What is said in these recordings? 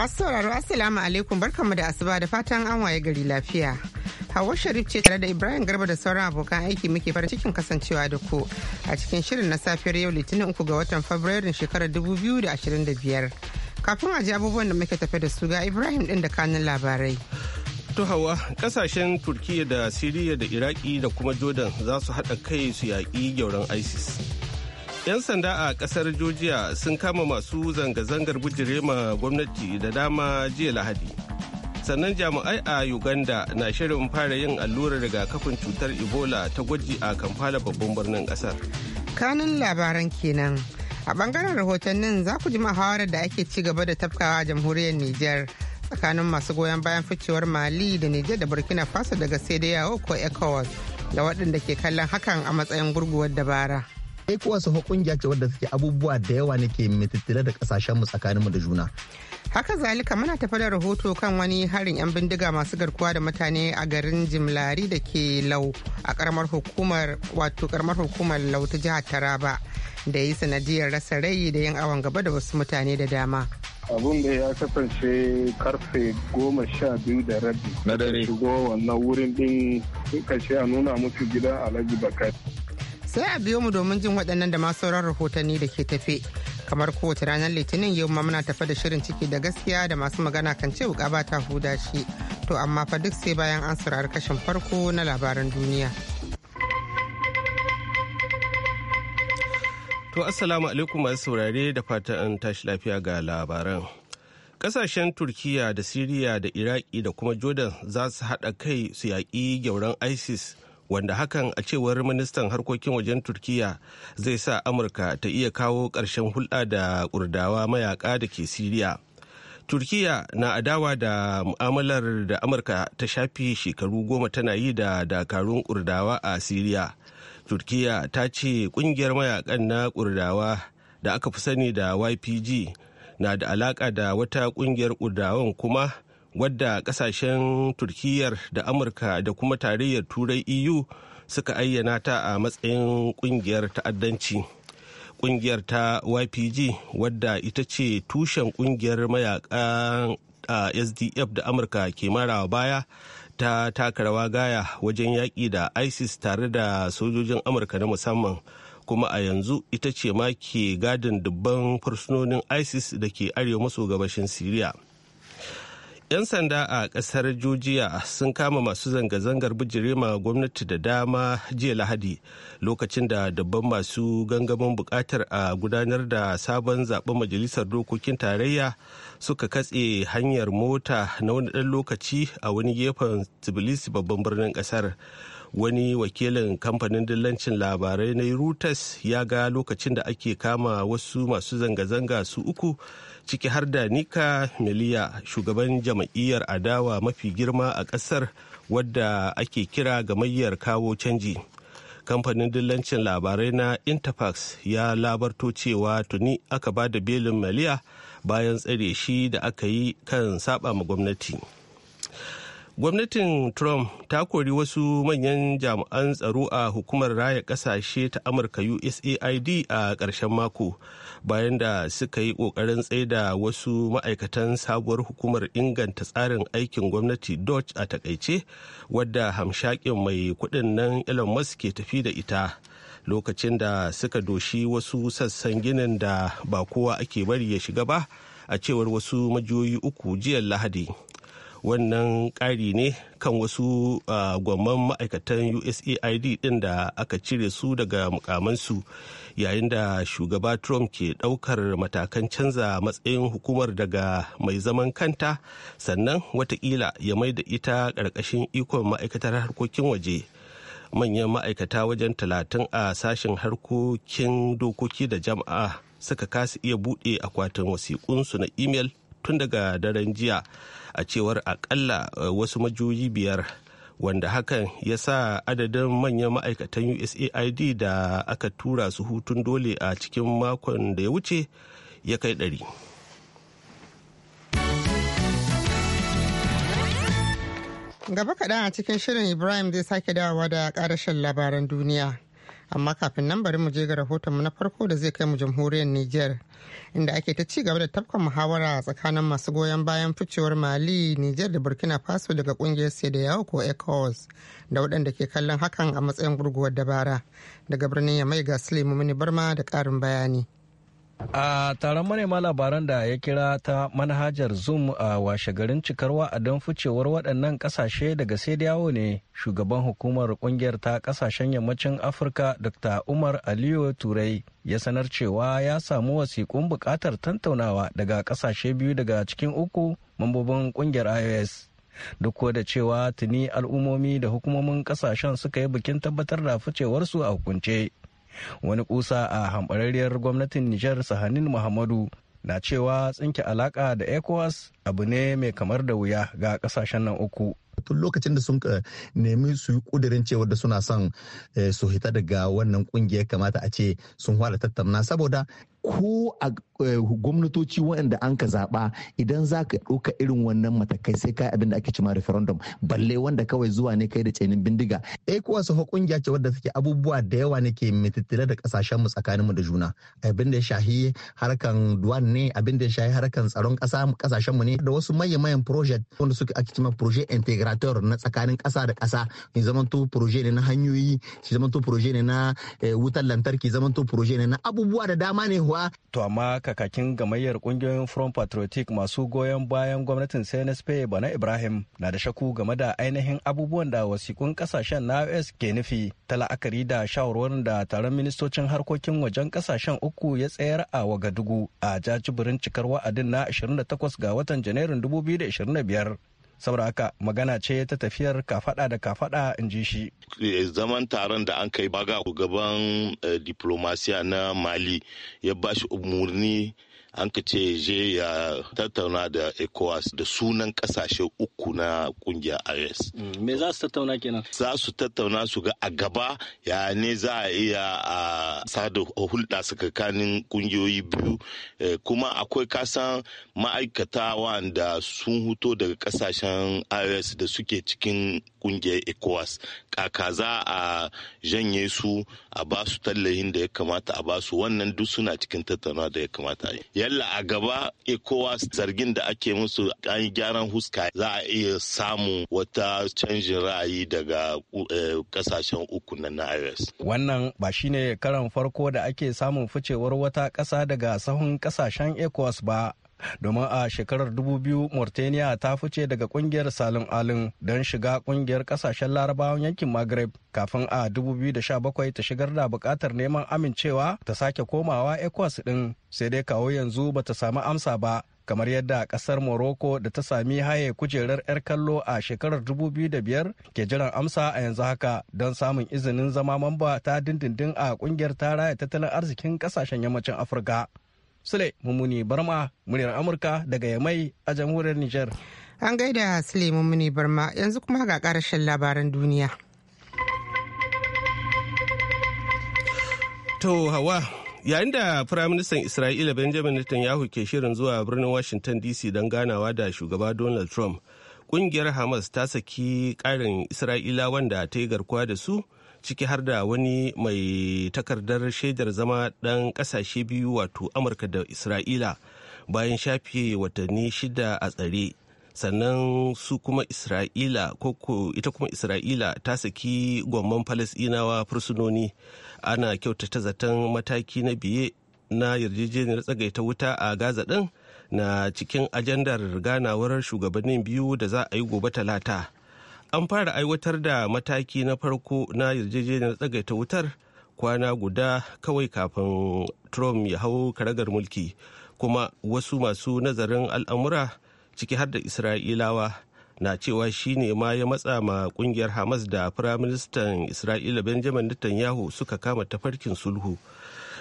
Masu sauraro Assalamu alaikum barkanmu da asuba da fatan an waye gari lafiya. Hawa Sharif ce tare da Ibrahim Garba da sauran abokan aiki muke farin cikin kasancewa da ku a cikin shirin na safiyar yau Litinin uku ga watan Fabrairun shekarar dubu biyu da da ashirin biyar, Kafin a abubuwan da muke tafe da su ga Ibrahim din da kanin labarai. To hawa kasashen Turkiyya da Siriya da Iraki da kuma Jordan za su haɗa kai su yaƙi gyauran ISIS. 'Yan sanda a kasar Georgia sun kama masu zanga-zangar bujirema gwamnati da dama jiya Lahadi. Sannan jami'ai a Uganda na shirin fara yin allurar kafin cutar Ebola ta gwaji a Kampala babban birnin kasar. Kanun labaran kenan. A bangaren rahotannin za ku ji muhawarar da ake ci gaba da tafkawa a jamhuriyar Nijar tsakanin masu goyon bayan ficewar Mali da Nijar da Burkina Faso daga Sediyawo ko ECOWAS da waɗanda ke kallon hakan a matsayin gurguwar dabara. ECOWAS ho kungiya ce wadda suke abubuwa da yawa ne ke mitattale da kasashen mu tsakanin da juna. Haka zalika muna tafi da rahoto kan wani harin 'yan bindiga masu garkuwa da mutane a garin Jimlari da ke Lau a karamar hukumar wato karamar hukumar Lau ta jihar Taraba da yi sanadiyar rasa rai da yin awon gaba da wasu mutane da dama. abun da ya kasance karfe goma sha biyu da rabi na dare shigo wannan wurin din kashe a nuna musu gidan alhaji bakari sai a biyo mu domin jin waɗannan da masu sauran rahotanni da ke tafe kamar kowace ranar litinin yau ma muna tafe da shirin ciki da gaskiya da masu magana kan ce wuka ba ta huda shi to amma fa duk sai bayan an saurari kashin farko na labaran duniya to assalamu alaikum masu saurare da fatan tashi lafiya ga labaran kasashen turkiya da siriya da iraki da kuma jordan za su haɗa kai su yaƙi gyauran isis wanda hakan a cewar ministan harkokin wajen turkiya zai sa amurka ta iya kawo ƙarshen hulɗa da kurdawa mayaƙa da ke siriya turkiya na adawa da mu'amalar da amurka ta shafi shekaru goma tana yi da dakarun kurdawa a siriya turkiya ta ce ƙungiyar mayaƙan na kurdawa da aka fi sani da ypg na da alaƙa da wata ƙungiyar kurdawan kuma wadda kasashen turkiyyar da amurka da kuma tarayyar turai eu suka ayyana ta a matsayin kungiyar ta'addanci kungiyar ta ypg wadda ita ce tushen kungiyar mayakan sdf da amurka ke marawa baya ta taka gaya wajen yaƙi da isis tare da sojojin amurka na musamman kuma a yanzu ita ce ma ke gadin dubban fursunonin isis da ke arewa maso gabashin syria. 'Yan sanda a kasar Jujiya sun kama masu zanga-zangar bijirema gwamnati da dama jiya Lahadi lokacin da dabban masu gangamin bukatar a gudanar da sabon zaben majalisar dokokin tarayya suka katse hanyar mota na wani ɗan lokaci a wani gefen Tbilisi babban birnin kasar Wani wakilin kamfanin dillancin labarai na Reuters ya ga lokacin da ake kama wasu masu zanga-zanga su uku ciki har da nika miliya shugaban jam'iyyar adawa mafi girma a ƙasar wadda ake kira ga gamayyar kawo canji kamfanin dillancin labarai na interfax ya labarto cewa tuni aka ba da belin maliya bayan tsare shi da aka yi kan saba ma gwamnati gwamnatin trump ta kori wasu manyan jami'an tsaro a hukumar raya kasashe ta amurka usaid a ƙarshen mako bayan da suka yi ƙoƙarin tsaida wasu ma'aikatan sabuwar hukumar inganta tsarin aikin gwamnati dutch a takaice wadda hamshakin mai kudin nan elon musk ke tafi da ita lokacin da suka doshi wasu sassan ginin da ba kowa ake bari ya shiga ba a cewar wasu majiyoyi uku jiya lahadi wannan ƙari ne kan wasu gwamman ma'aikatan usaid ɗin da aka cire su daga mukamansu yayin da shugaba trump ke ɗaukar matakan canza matsayin hukumar daga mai zaman kanta sannan watakila ya mai da ita ƙarƙashin ikon ma'aikatar harkokin waje manyan ma'aikata wajen talatin a sashen harkokin dokoki da jama'a suka kasa iya buɗe akwatin wasiƙunsu na imel tun daga daren jiya a cewar akalla eh, wasu majoyi biyar wanda hakan ya sa adadin manyan ma'aikatan usaid da aka tura su hutun dole a cikin makon da ya wuce ya kai ɗari. gaba kaɗan a cikin shirin ibrahim zai sake dawowa da ƙarashin labaran duniya amma kafin nan bari mu je ga rahotonmu na farko da zai kai mu jamhuriyar niger inda ake ta ci gaba da tafkan muhawara tsakanin masu goyon bayan ficewar mali niger da burkina faso daga kungiyar sai da yawo ko ecowas da waɗanda ke kallon hakan a matsayin gurguwar dabara daga birnin yamai ga suleiman barma da ƙarin bayani a taron manema labaran da ya kira ta manhajar zoom a washe garin cikarwa a don ficewar waɗannan ƙasashe daga sai yawo ne shugaban hukumar ƙungiyar ta ƙasashen yammacin afirka dr umar aliyu turai ya sanar cewa ya samu wasiƙun buƙatar tantaunawa daga ƙasashe biyu daga cikin uku mambobin ƙungiyar ios duk ko da cewa tuni al'ummomi da hukumomin ƙasashen suka yi bikin tabbatar da ficewarsu a hukunce wani kusa a hambarariyar gwamnatin nijar sahanin muhammadu na cewa tsinke alaka da ecowas abu ne mai kamar da wuya ga kasashen nan uku tun lokacin da sun eh, nemi su yi kudirin cewa da suna son eh, su hita daga wannan kungiyar kamata a ce sun hwada tattauna saboda ko a eh, gwamnatoci waɗanda an ka zaɓa idan za ka ɗauka irin wannan matakai sai kai abin da ake cima referendum balle wanda kawai zuwa ne kai da tsenin bindiga. ECOWAS fa kungiya ce wadda take abubuwa da yawa ne ke mitattale da ƙasashenmu tsakaninmu da juna. Abin da ya shahi harkan duwan ne abin da ya shahi harkan tsaron ƙasa ƙasashenmu ne da wasu manya-manyan project wanda suke ake cima project integrator na tsakanin ƙasa da ƙasa ya to project ne na hanyoyi ya to project ne na eh, wutar lantarki ya to project ne na abubuwa da dama ne haihuwa. To amma kakakin gamayyar kungiyoyin Front Patriotic masu goyon bayan gwamnatin CNSP Bana Ibrahim na da shaku game da ainihin abubuwan da wasikun ƙasashen na US ke nufi ta la'akari da shawarwarin da taron ministocin harkokin wajen ƙasashen uku ya tsayar a Wagadugu a jajibirin cikar wa'adin na 28 ga watan Janairun 2025. saboda haka magana ce ta tafiyar kafada da kafada in ji shi eh, zaman taron da an kai baga gaban eh, diplomasiya na mali ya bashi umurni an ka ce je ya tattauna da ECOWAS da sunan kasashe uku na kungiyar ares mm, Me za su tattauna kenan? Za su tattauna su ga a gaba ya ne za a iya a sada hulɗa kakanin ƙungiyoyi biyu eh, kuma akwai kasan ma'aikata wanda sun huto daga kasashen ares da suke cikin kungiyar ecowas kaka za a janye su a ba su tallahin da ya kamata a ba su wannan duk suna cikin tattaunawa da ya kamata yalla a gaba ecowas zargin da ake musu an yi gyaran huska za a iya samun wata canjin ra'ayi daga eh, kasashen uku na ios wannan ba shine karan farko da ake samun ficewar wata ƙasa daga sahun kasashen ecowas ba domin a shekarar 2000 mauritania ta fice daga kungiyar salin alin don shiga kungiyar kasashen larabawan yankin maghreb kafin a 2017 ta shigar da bukatar neman amincewa ta sake komawa Ecos din sai dai kawo yanzu ba ta sami amsa ba kamar yadda kasar morocco da ta sami haye kujerar 'yar kallo a shekarar 2005 ke jiran amsa a yanzu haka don samun izinin zama mamba ta dindindin a kungiyar ta raya tattalin arzikin kasashen yammacin afirka Sule Mummuni Barma, muryar Amurka daga Yamai a jamhuriyar Nijar. An gaida Sule Mummuni Barma yanzu kuma ga karashen labaran duniya. To hawa yayin da Firaministan Isra'ila Benjamin Netanyahu ke shirin zuwa birnin Washington DC don ganawa da shugaba Donald Trump, ƙungiyar Hamas ta saki ƙarin Isra'ila wanda ta yi garkuwa da su. ciki har da wani mai takardar shaidar zama ɗan ƙasashe biyu wato amurka da isra'ila bayan shafe watanni shida a tsare sannan su kuma isra'ila koko ita kuma isra'ila ta saki gwamman falasinawa fursunoni ana kyautata zaton mataki na biye na yarjejeniyar tsagaita wuta a gaza ɗin na cikin ajandar ganawar shugabannin biyu da za a yi gobe talata an fara aiwatar da mataki na farko na yarjejeniyar tsagaita wutar kwana guda kawai kafin trump ya hau karagar mulki kuma wasu masu nazarin al'amura ciki har da isra'ilawa na cewa shi ne ma ya matsa ma kungiyar hamas da firaministan isra'ila benjamin netanyahu suka kama tafarkin sulhu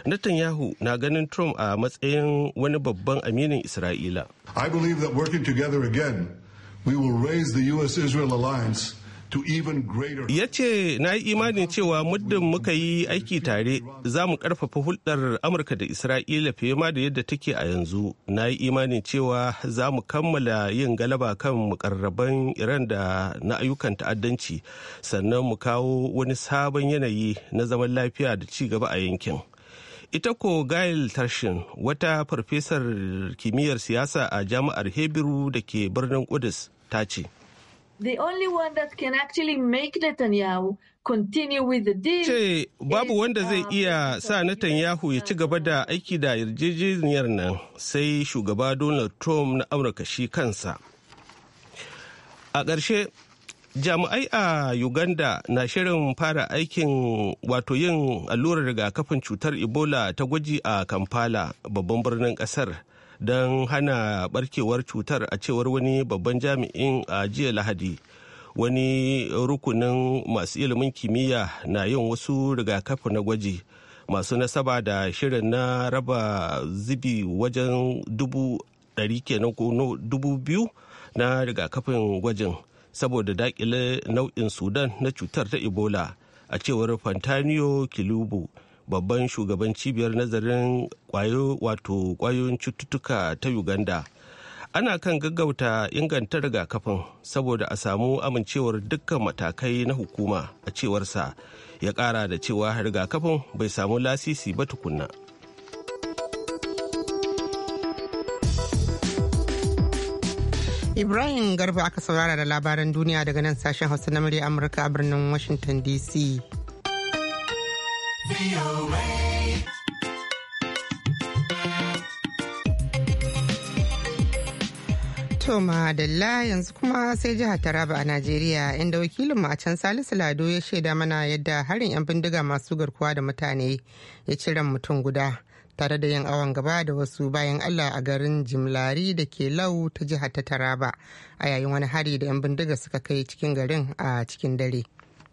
netanyahu na ganin trump a matsayin wani babban aminin isra'ila i believe that working together again Ya ce, Na yi imanin cewa muddin muka yi aiki tare za mu karfafa hulɗar Amurka da Isra'ila fiye ma da yadda take a yanzu. Na yi imanin cewa za mu kammala yin galaba kan mukarraban Iran da na ayyukan ta'addanci, sannan mu kawo wani sabon yanayi na zaman lafiya da ci gaba a yankin. Ita ko Gail Tarshin wata farfesar kimiyyar siyasa a jami'ar Hebrew da ke birnin Kudus ta ce. The only one that can actually make Netanyahu continue with the deal. Ce babu wanda zai uh, iya sa Netanyahu ya ci gaba da aiki da yarjejeniyar nan sai shugaba Donald Trump na Amurka shi kansa. A ƙarshe jami'ai a uganda na shirin fara aikin wato yin allurar rigakafin cutar ebola ta gwaji a kampala babban birnin kasar don hana barkewar cutar a cewar wani babban jami'in a jiya lahadi wani rukunin masu ilimin kimiyya na yin wasu rigakafi na gwaji masu nasaba da shirin na raba zubi wajen dubu kenan dubu biyu na rigakafin gwajin saboda dakile nau'in sudan na cutar ta ebola a cewar fantanio kilubu babban shugaban cibiyar nazarin wato kwayoyin cututtuka ta uganda ana kan gaggauta inganta rigakafin saboda a samu amincewar dukkan matakai na hukuma a cewarsa ya kara da cewa rigakafin bai samu lasisi ba tukunna. Ibrahim Garba aka saurara da labaran duniya daga nan sashen Hausa na murya Amurka a birnin Washington DC. Toma madalla yanzu kuma sai jihar Taraba a Najeriya inda wakilinmu a can Salisu Lado ya shaida mana yadda harin 'yan bindiga masu garkuwa da mutane ya cire mutum guda tare da yin awon gaba da wasu bayan Allah a garin Jimlari da ke Lau ta jihar ta Taraba a yayin wani hari da 'yan bindiga suka kai cikin garin a cikin dare.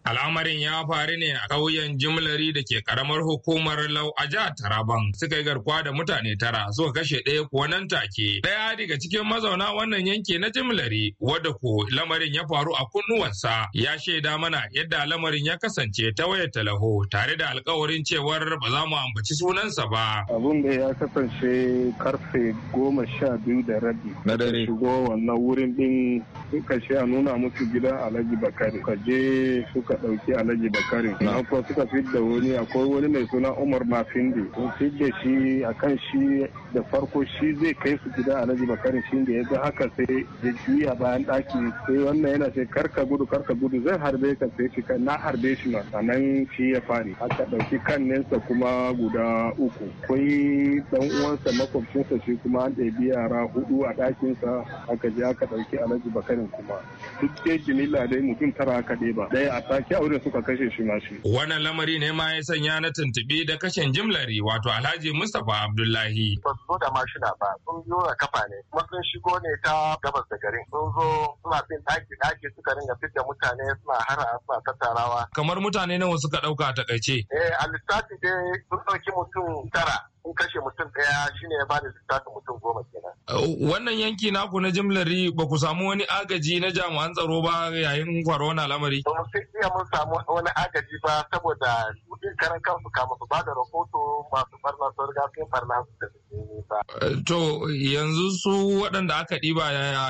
Al'amarin ya faru ne a ƙauyen jimlari da ke ƙaramar hukumar lau a jihar Taraban suka yi garkuwa da mutane tara suka kashe ɗaya kuwa nan take. Ɗaya daga cikin mazauna wannan yanki na jimlari wadda ko lamarin ya faru a kunnuwansa ya shaida mana yadda lamarin ya kasance ta wayar talaho tare da alkawarin cewar ba za mu ambaci sunansa ba. Abin da ya kasance karfe goma sha biyu da rabi. Na dare. Shigo wannan wurin ɗin suka a nuna musu gidan Alhaji Bakari. Ka je suka ɗauki alhaji bakari na kuma suka da wani akwai wani mai suna umar mafindi sun fidda shi akan shi da farko shi zai kai su gida alhaji bakari shi da ya ga haka sai ya juya bayan ɗaki sai wannan yana sai karka gudu karka gudu zai harbe ka sai shi na harbe shi ma sannan shi ya fari aka ɗauki kan nesa kuma guda uku akwai dan uwansa makwabcinsa shi kuma an ɗebi yara hudu a ɗakinsa aka je aka ɗauki alhaji bakarin kuma duk dai jimilla dai mutum tara aka ɗeba ɗaya a gaskiya wurin suka kashe shi ma Wannan lamari ne ma ya sanya na tuntuɓi da kashen jimlari wato Alhaji Mustapha Abdullahi. Ba su da mashina ba sun da kafa ne kuma sun shigo ne ta gabas da garin sun zo suna bin ɗaki ɗaki suka ringa fidda mutane suna hara suna tattarawa. Kamar mutane nawa suka ɗauka a takaice. Eh a lissafi dai sun ɗauki mutum tara in kashe mutum ɗaya shine ya bada littafin mutum goma kenan. Uh, wannan yanki naku na jimlari ba ku samu wani agaji na jami'an tsaro ba yayin faruwar lamari. Ba Ba sai iya mun samu wani agaji ba saboda mutum karan kansu kama su ba da rahoto masu barna su riga sun su da uh, To yanzu su waɗanda aka ɗiba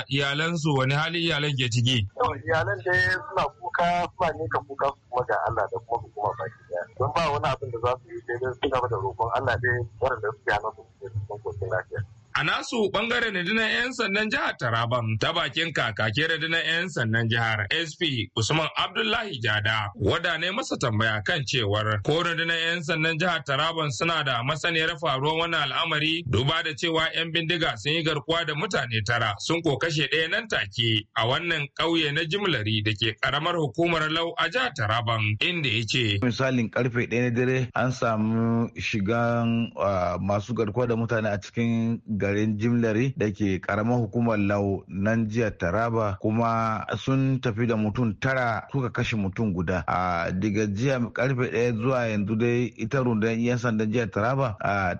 iyalansu wani hali iyalan ke ciki? Iyalan dai suna kuka suna ne ka kuka su kuma ga Allah da kuma hukuma baki. don ba wani abin da za su yi sai dai su gaba da roƙon Allah dai waɗanda suke nan su ke cikin koshin lafiya. A nasu bangaren rundunar 'yan sandan jihar Taraban ta bakin kakakin rundunar 'yan sandan jihar SP Usman Abdullahi Jada wada ne masa tambaya kan cewar ko rundunar 'yan sandan jihar Taraban suna da masaniyar faruwar wannan al'amari duba da cewa 'yan bindiga sun yi garkuwa da mutane tara sun ko kashe ɗaya nan take a wannan ƙauye na jimlari da ke ƙaramar hukumar lau a jihar Taraban inda ya ce. Misalin karfe ɗaya na dare an samu shigan ah, masu garkuwa da mutane a cikin garin jimlari da ke karamar hukumar lau nan jiya taraba kuma sun tafi da mutum tara suka kashe mutum guda a daga jiya karfe ɗaya zuwa yanzu dai ita rundunar yan sandan jiya taraba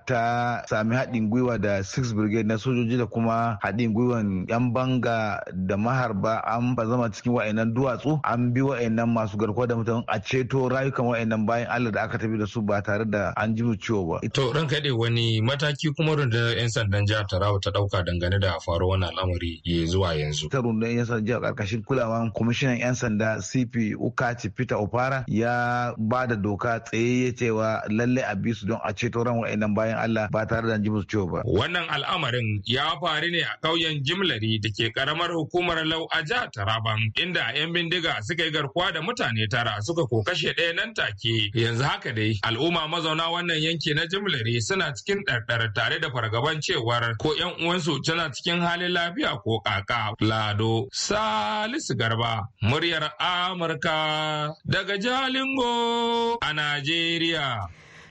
ta sami haɗin gwiwa da 6 brigade na sojoji da kuma haɗin gwiwan yan banga da maharba an zama cikin wa'annan duwatsu an bi wa'annan masu garkuwa da mutum a ceto rayukan wa'annan bayan allah da aka tafi da su ba tare da an ji ciwo ba. to ranka dai wani mataki kuma rundunar yan sandan jiya jihar Taraba ta dauka dangane da faruwar wannan al'amari ya zuwa yanzu. Ta rundunar 'yan sanda jihar karkashin kulawan kwamishinan 'yan sanda CP Ukaci Peter Opara ya ba da doka tsayayye cewa lallai a bi su don a ceto ran wa'annan bayan Allah ba tare da ji musu ciwo ba. Wannan al'amarin ya faru ne a kauyen Jimlari da ke karamar hukumar Lau a jihar taraba inda 'yan bindiga suka yi garkuwa da mutane tara suka ko kashe ɗaya nan take. Yanzu haka dai al'umma mazauna wannan yanki na Jimlari suna cikin ɗarɗar tare da fargaban cewar ko yan uwansu tana cikin halin lafiya ko kaka. Lado Salisu Garba muryar Amurka daga Jalingo a Najeriya.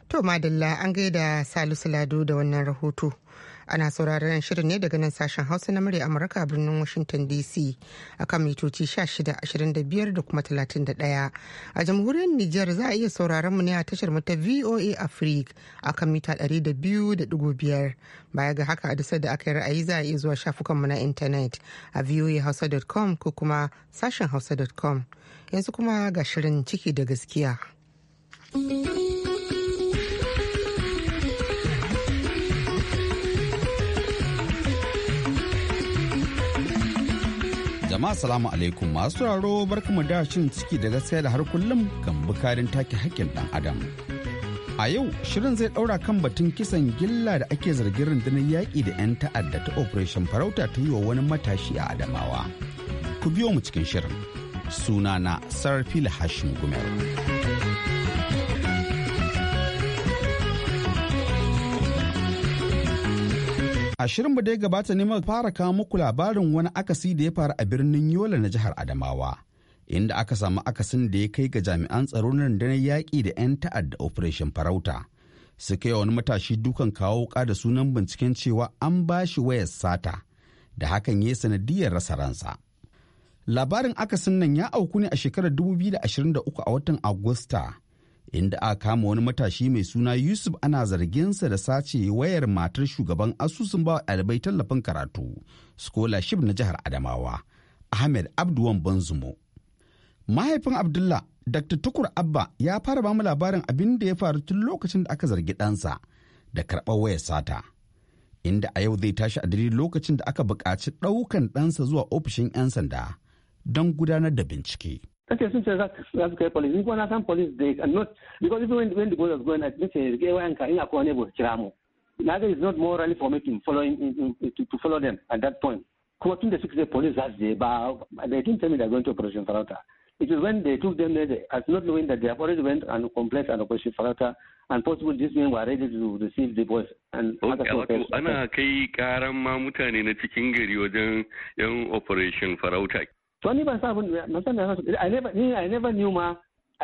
To madalla an gaida Salisu Lado da wannan rahoto. ana sauraron shirin ne daga nan sashen hausa na murya amurka birnin washington dc a kan mitoci 1625 da kuma 31 a jamhuriyar niger za a iya sauraron mu ne a tashar mu ta voa africa kan mita 200.5 baya ga haka a dusar da aka yi ra'ayi za a iya zuwa shafukan mu na intanet a voahausa.com ko kuma sashen hausa.com yanzu kuma ga shirin ciki da gaskiya. Jama'a salamu alaikum masu raro barkamu da shirin ciki da gaskiya da har kullum kan bukarin take hakkin dan adam. A yau shirin zai daura kan batun kisan gilla da ake zargin rundunar yaƙi da 'yan ta'adda ta Operation Farauta ta yi wa wani matashi a Adamawa. Ku biyo mu cikin shirin. Sunana sarfil Hashim Gumel. A shirin da ya gabata ne mai fara kawo muku labarin wani akasi da ya faru a birnin Yola na jihar Adamawa. Inda aka samu akasin da ya kai ga jami'an tsaro na rundunar yaƙi da 'yan ta'adda Operation Farauta. Suka yi wani matashi dukan kawo wuka da sunan binciken cewa an ba shi wayar sata da hakan ya sanadiyar rasa ransa. Labarin akasin nan ya auku ne a shekarar 2023 a watan Agusta inda a kama wani matashi mai suna yusuf ana zarginsa da sace wayar matar shugaban asusun ba ɗalibai tallafin karatu scholarship na jihar adamawa ahmed abduwan banzumo mahaifin abdullah dr tukur abba ya fara bamu labarin abin da ya faru tun lokacin da aka zargi ɗansa da karɓar wayar sata inda a yau zai tashi a dalilin lokacin da aka buƙaci ɗaukan ɗansa zuwa ofishin 'yan sanda don gudanar da bincike. That is since that that's guy police. Ngwa na some police they and not because even when when the boy was going at this is gay wanka in akwa nebo chiramu. Neither is not morally for making following in, in, to, to follow them at that point. Kuma tun da suka police that day, but they didn't tell me they're going to operation Farauta. It is when they took them there, as not knowing that they have already went and completed an operation Farauta and possible these men were ready to receive the boys and okay, wato ana kai karan ma mutane na cikin gari wajen yan operation farauta to ni ban san abin ban san na I never I never knew ma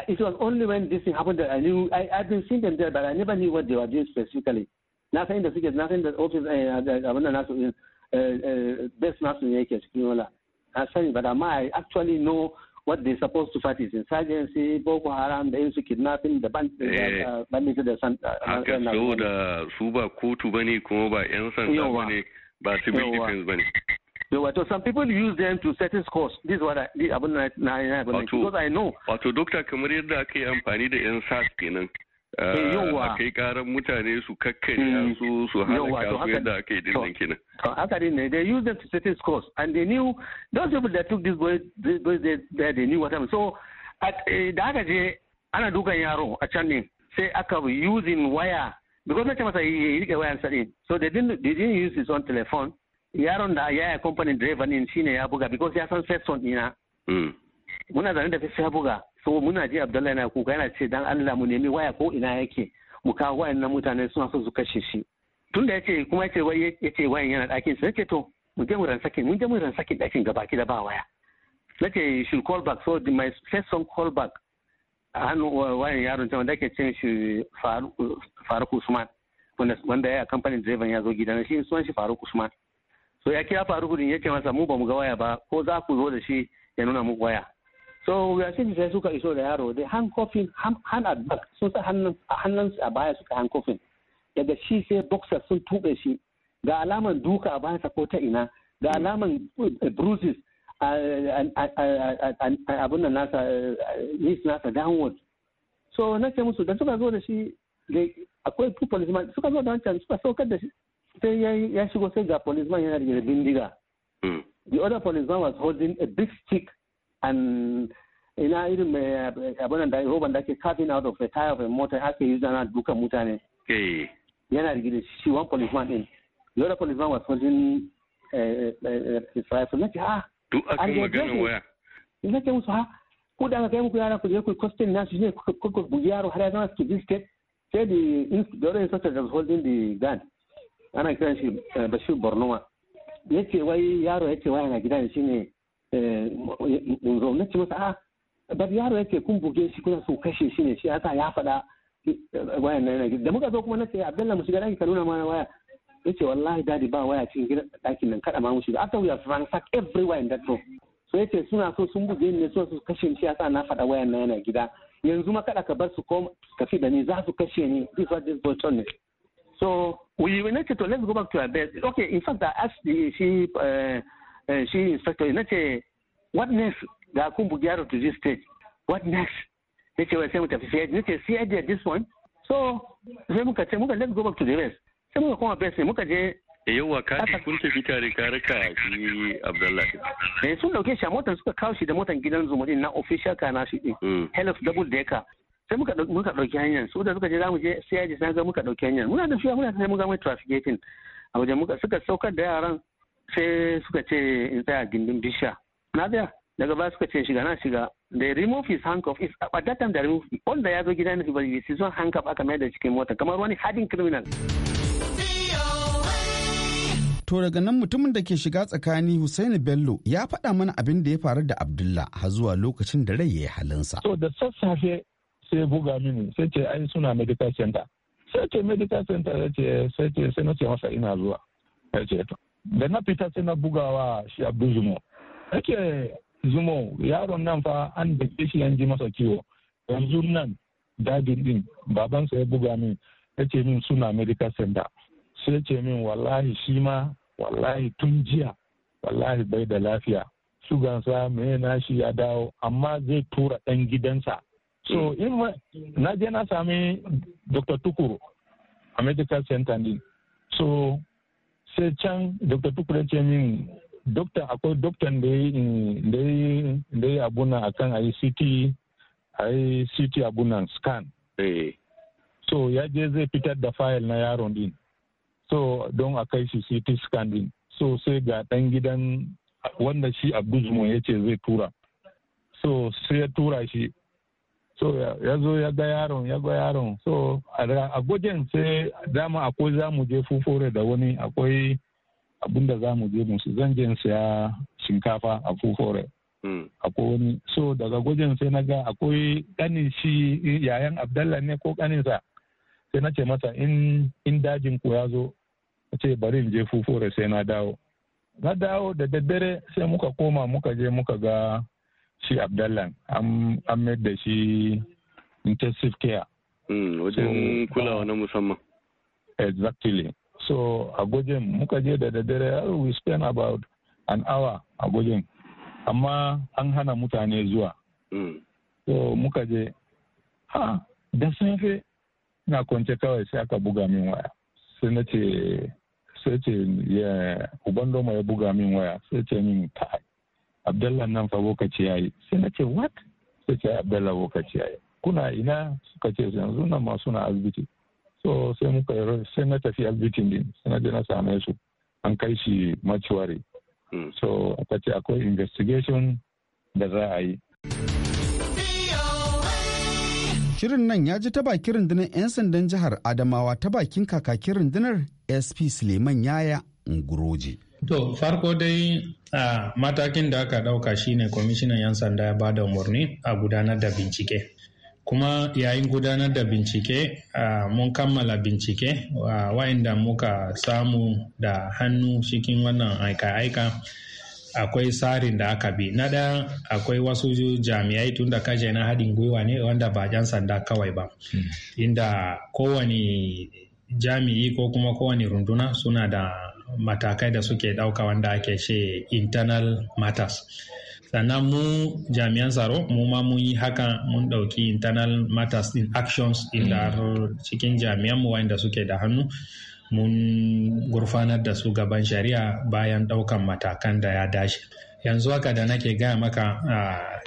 it was only when this thing happened that I knew I I've been seeing them there but I never knew what they were doing specifically na san inda suke na san inda office eh, eh, eh, abin da nasu best nasu ne yake cikin wala na sani but amma I actually know what they supposed to fight is insurgency boko haram da su kidnapping da bandit da san haka saboda su ba kotu bane kuma ba yan sanda bane ba civil defense bane They were told some people use them to certain scores. This is what I abin na na abin because I know. Wato dokta kamar yadda ake amfani da yan sas kenan. Eh, eh, a kai karan mutane su kakkarya hmm. su su halaka su yadda aka dinnan kenan. Haka din ne, they use them to certain scores and they knew, those people that took this boy. they, they knew what happened. So, eh, da aka je ana dukan yaro a can ne sai aka using wire because na ce masa ya rike wayan sa so they didn't, they didn't use his own telephone yaron da ya company driver shi ne ya buga because ya san section dina hmm. muna zane da fesa ya buga so muna ji abdullahi na kuka yana ce dan Allah mu nemi waya ko ina yake mu kawo na mutane suna so su kashe shi tun da yace kuma yace wai yace wayan yana ɗakin sa yace to mu je mu ransake mun je mu ransake ɗakin gaba ki da ba waya nace ce shi call back so my first son call back a hannun wayan yaron can wanda ke cin shi Faruk Usman wanda ya kamfanin driver ya zo gidan shi sunan shi Faruk Usman so ya kira faru ya ce masa mu ba mu ga waya ba ko za ku zo da shi ya nuna mu waya so yasin sai suka iso da yaro dai hankofin hand at back sun sa hannun a baya suka hankofin daga shi sai boxer sun tuɓe shi ga alaman duka a bayansa ko ta ina ga alaman eh, bruises abin nan nasa eh, nis nasa downward so na ce musu da suka zo da shi akwai two policemen suka zo da wancan suka saukar da shi sai ya shigo sai ga policeman yana da bindiga hmm. the other policeman was holding a big stick and ina irin mai abin da roban da ake carving out of a tire of a motor ake yi zana dukan mutane yana da da shi one policeman din the other policeman was holding eh, eh, eh, his rifle na ha ah, duk akan maganin waya na musu ha ah, ko da aka kai muku yara kuje je ku question na su ne ku ku yaro har ya zama su state sai the the other instructor was holding the gun ana kiran shi eh, bashir bornoma ya ce wai yaro ya ce wai yana gida shi ne ɗunzo eh, na ce masa a ah, bar yaro ya ce kun buge shi kuna so kashe shi ne shi yasa ya faɗa eh, wayan nan yana gida da muka zo kuma na ce abdallah mu shiga ɗaki ka nuna mana waya ya ce wallahi dadi ba waya cikin gidan ɗakin nan kada ma mu shiga after we have ransacked everywhere in that room so yace suna so sun buge ni ne suna su kashe shi yasa na faɗa wayan nan yana gida yanzu ma kada ka bar su ko kafi da ni za su kashe ni this what this boy told me So we, we need to let's go back to our bed. Okay, in fact, I asked the she uh, uh, she inspector, and say, what next? Ga kun bugiyaro to this stage. What next? Ya ce wai sai mu tafi CID. Ya ce CID at this point. So sai muka ce muka let's go back to the rest. Sai muka koma best ne muka je. Yawwa ka ce kun tafi tare ka raka shi Abdullahi. Eh sun dauke shi a motar suka kawo shi da motar gidan zuma na official kana shi din. Eh, mm. Helos double decker. sai muka muka dauki hanyar su da suka je zamu je sai ji sai ga muka dauki hanyar muna da fiya muna sai mun ga mai a wajen muka suka saukar da yaran sai suka ce in tsaya gindin bishiya na tsaya daga ba suka ce shiga na shiga da remove his handcuff is at that time da remove wanda ya zo gidan ba shi zuwa handcuff aka mai da cikin mota kamar wani hiding criminal To daga nan mutumin da ke shiga tsakani Hussaini Bello ya faɗa mana abin da ya faru da Abdullah har zuwa lokacin da rai ya yi halinsa. To da sassafe sai buga mini sai ce ai suna medical center sai ce medical center sai ce sai ce sai na ce masa ina zuwa sai ce to da na fita sai na bugawa shi abdu zumo yake zumo yaron nan fa an da shi an ji masa kiwo yanzu nan dadin din babansa ya buga min ya ce min suna medical center sai ce min wallahi shi ma wallahi tun jiya wallahi bai da lafiya sugansa mai nashi ya dawo amma zai tura dan gidansa so in na je na sami dr tukuru a medical center din so sai can dr tukuru ce min dokta akwai doktan da ya yi abuna a kan a yi ct a yi ct abunan scan eh. so ya je zai fitar da fayil na yaron din so don a kai shi ct scan din so sai ga dan gidan wanda shi abduzmo ya ce zai tura so sai ya tura shi so ya zo ya ga yaron ya ga yaron so a gwajin sai dama akwai za mu je fufore da wani akwai abin da za mu je musu zan je siya shinkafa a fufore hmm. akwai wani so daga gwajin sai na ga akwai kanin shi yayan abdalla ne ko kaninsa sai na ce masa in dajin ku ya zo ce bari in je fufore sai na dawo na dawo da daddare sai muka koma muka je muka ga shi abdallan an mayar da shi intensive care hmm, wajen kulawa ah. na musamman exactly so a gujin muka je da daddare oh, we spend about an hour a gujin amma an hana mutane zuwa hmm. so muka je ha da safe na kwance kawai sai aka buga min waya sai na ce sai ce uban doma ya buga min waya sai ce min kai abdallah nan fa lokaci yayi sai na ce what sai ce abdallah lokaci yayi kuna ina suka ce yanzu nan ma suna asibiti so sai muka sai na tafi asibitin din sai na je na same su an kai shi mortuary hmm. so aka ce akwai investigation da za a yi Shirin nan ya ji ta bakin rundunar 'yan sandan jihar Adamawa ta bakin kakakin rundunar SP Suleiman Yaya unguroji. To farko dai a matakin da aka ɗauka shine kwamishinan 'yan sanda ya bada umarni a gudanar da bincike. Kuma yayin gudanar da bincike mun kammala bincike wa'inda muka samu da hannu cikin wannan aika-aika akwai tsarin da aka bi. Na ɗaya akwai wasu jami'ai tun da kashe na haɗin gwiwa ne wanda ba 'yan sanda kawai ba. Hmm. Inda kowane jami'i ko kuma kowane runduna suna da matakai da suke ɗauka wanda ake ce internal matters sannan mu jami'an tsaro mu ma mun yi haka mun ɗauki internal matters in actions inda mm. cikin jami'an mu wanda suke da hannu mun gurfanar da su gaban shari'a bayan ɗaukan matakan da ya dace yanzu haka da nake gaya maka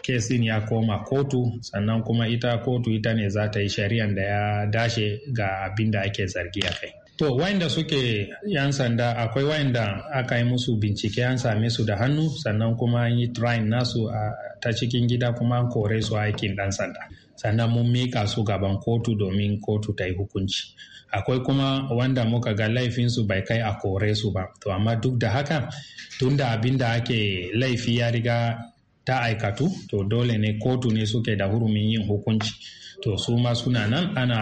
kesin ya koma kotu sannan kuma ita kotu ita ne za ta yi shari'an da ya dashe ga abinda ake zargi a kai To wayanda suke 'yan sanda akwai wayanda aka yi musu bincike an same su da hannu sannan kuma an yi train nasu a ta cikin gida kuma an kore su aikin dan sanda. Sannan mun mika su gaban kotu domin kotu ta yi hukunci. Akwai kuma wanda muka ga laifinsu bai kai a kore su ba. To amma duk da haka tunda abin da ake laifi ya riga ta aikatu to dole ne kotu ne suke da hurumin yin hukunci. to su ma suna nan ana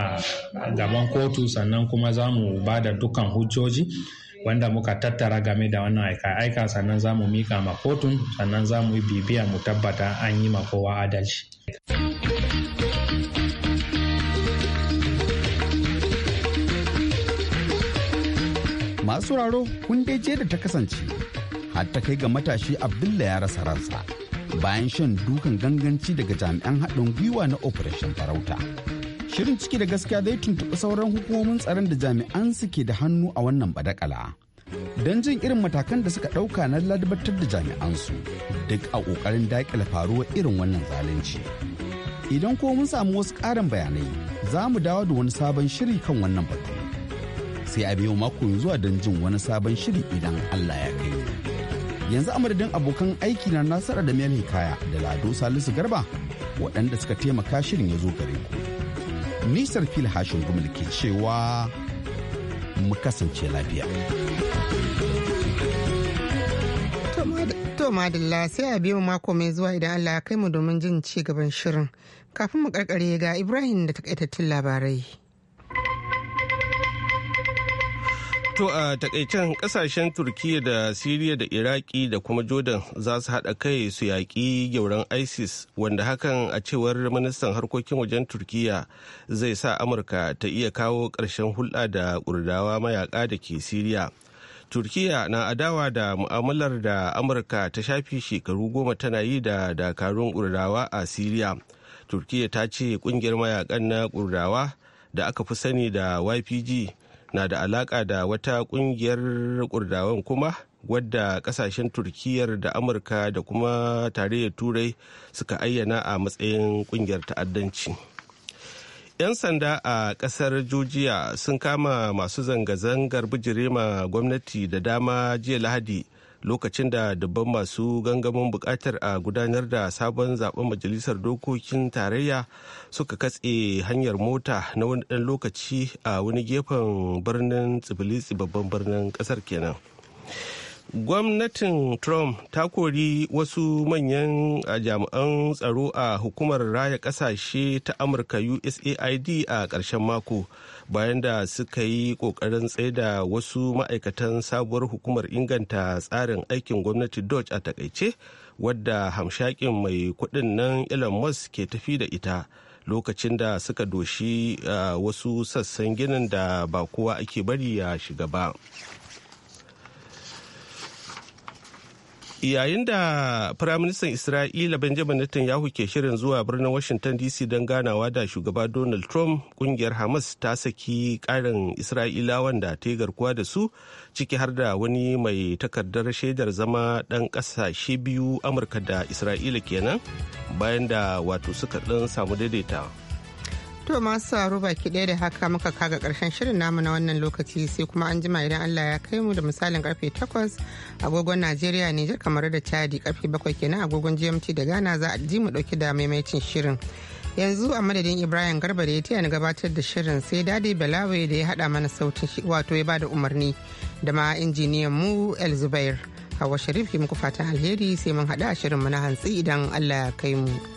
gaban kotu sannan kuma za mu ba da dukkan hujjoji wanda muka tattara game da wannan aika-aika sannan za mu mika ma kotun sannan za mu yi bibiya mu tabbata an yi ma kowa adalci. masu raro kun jiya da ta kasance har ta kai ga matashi abdulla ya rasa ransa bayan shan dukan ganganci daga jami'an haɗin gwiwa na operation farauta shirin ciki da gaskiya zai tuntuɓi sauran hukumomin tsaron da jami'an suke da hannu a wannan badakala don jin irin matakan da suka ɗauka na ladabatar da jami'ansu duk a ƙoƙarin daƙile faruwar irin wannan zalunci idan ko mun samu wasu ƙarin bayanai za mu dawo da wani sabon shiri kan wannan batu sai a biyo mako zuwa don jin wani sabon shiri idan allah ya kai yanzu a madadin abokan aiki na nasara da mel hikaya da lado salisu garba waɗanda suka taimaka shirin ya zo gare ku nisar fil hashin gumul ke cewa mu kasance lafiya to madalla sai a biyu mako mai zuwa idan allah ya kai mu domin jin ci gaban shirin kafin mu karkare ga ibrahim da takaitattun labarai To a takaicen kasashen Turkiyya da Siriya da Iraki da kuma Jordan za su haɗa kai su yaƙi gyauran ISIS wanda hakan a cewar ministan harkokin wajen Turkiyya zai sa Amurka ta iya kawo ƙarshen hulɗa da ƙurdawa mayaƙa da ke Siriya. Turkiyya na adawa da mu'amalar da Amurka ta shafi shekaru goma tana yi da dakarun ƙurdawa a Siriya. Turkiyya ta ce ƙungiyar mayaƙan na ƙurdawa da aka fi sani da YPG na da alaka da wata kungiyar kurdawan kuma wadda kasashen turkiyar da amurka da kuma tarayyar turai suka ayyana a matsayin kungiyar ta'addanci 'yan sanda a kasar georgia sun kama masu zanga-zangar bijirema gwamnati da dama jiya lahadi lokacin da dubban masu gangamin bukatar a gudanar da sabon zaben majalisar dokokin tarayya suka katse hanyar mota na wani dan lokaci a wani gefen birnin tsibilisi babban birnin kasar kenan gwamnatin trump ta kori wasu manyan jami'an tsaro a hukumar raya kasashe ta amurka usaid a ƙarshen mako bayan da suka yi ƙoƙarin da wasu ma'aikatan sabuwar hukumar inganta tsarin aikin gwamnati dodge a takaice wadda hamshakin mai kudin nan elon musk ke tafi da ita lokacin da suka doshi wasu sassan ginin da ba kowa ake bari ya shiga ba. yayin da firaministan isra'ila benjamin netanyahu ke shirin zuwa birnin washington dc don ganawa da shugaba donald trump kungiyar hamas ta saki karin isra'ilawan da ta yi garkuwa da su ciki har da wani mai takardar shaidar zama ɗan ƙasashe biyu amurka da isra'ila kenan bayan da wato suka ɗan samu daidaita To masu sauraro baki ɗaya da haka muka kaga ƙarshen shirin namu na wannan lokaci sai kuma an jima idan Allah ya kai mu da misalin karfe 8 agogon Najeriya Nijar kamar da Chadi karfe 7 kenan agogon GMT da Ghana za a ji mu ɗauki da maimaicin shirin. Yanzu a madadin Ibrahim Garba da ya taya na gabatar da shirin sai Dadi Balawe da ya haɗa mana sautin wato ya bada umarni da ma injiniyan mu El Zubair. Hawa Sharif ki muku fatan alheri sai mun haɗa shirin mu na hantsi idan Allah ya kai mu.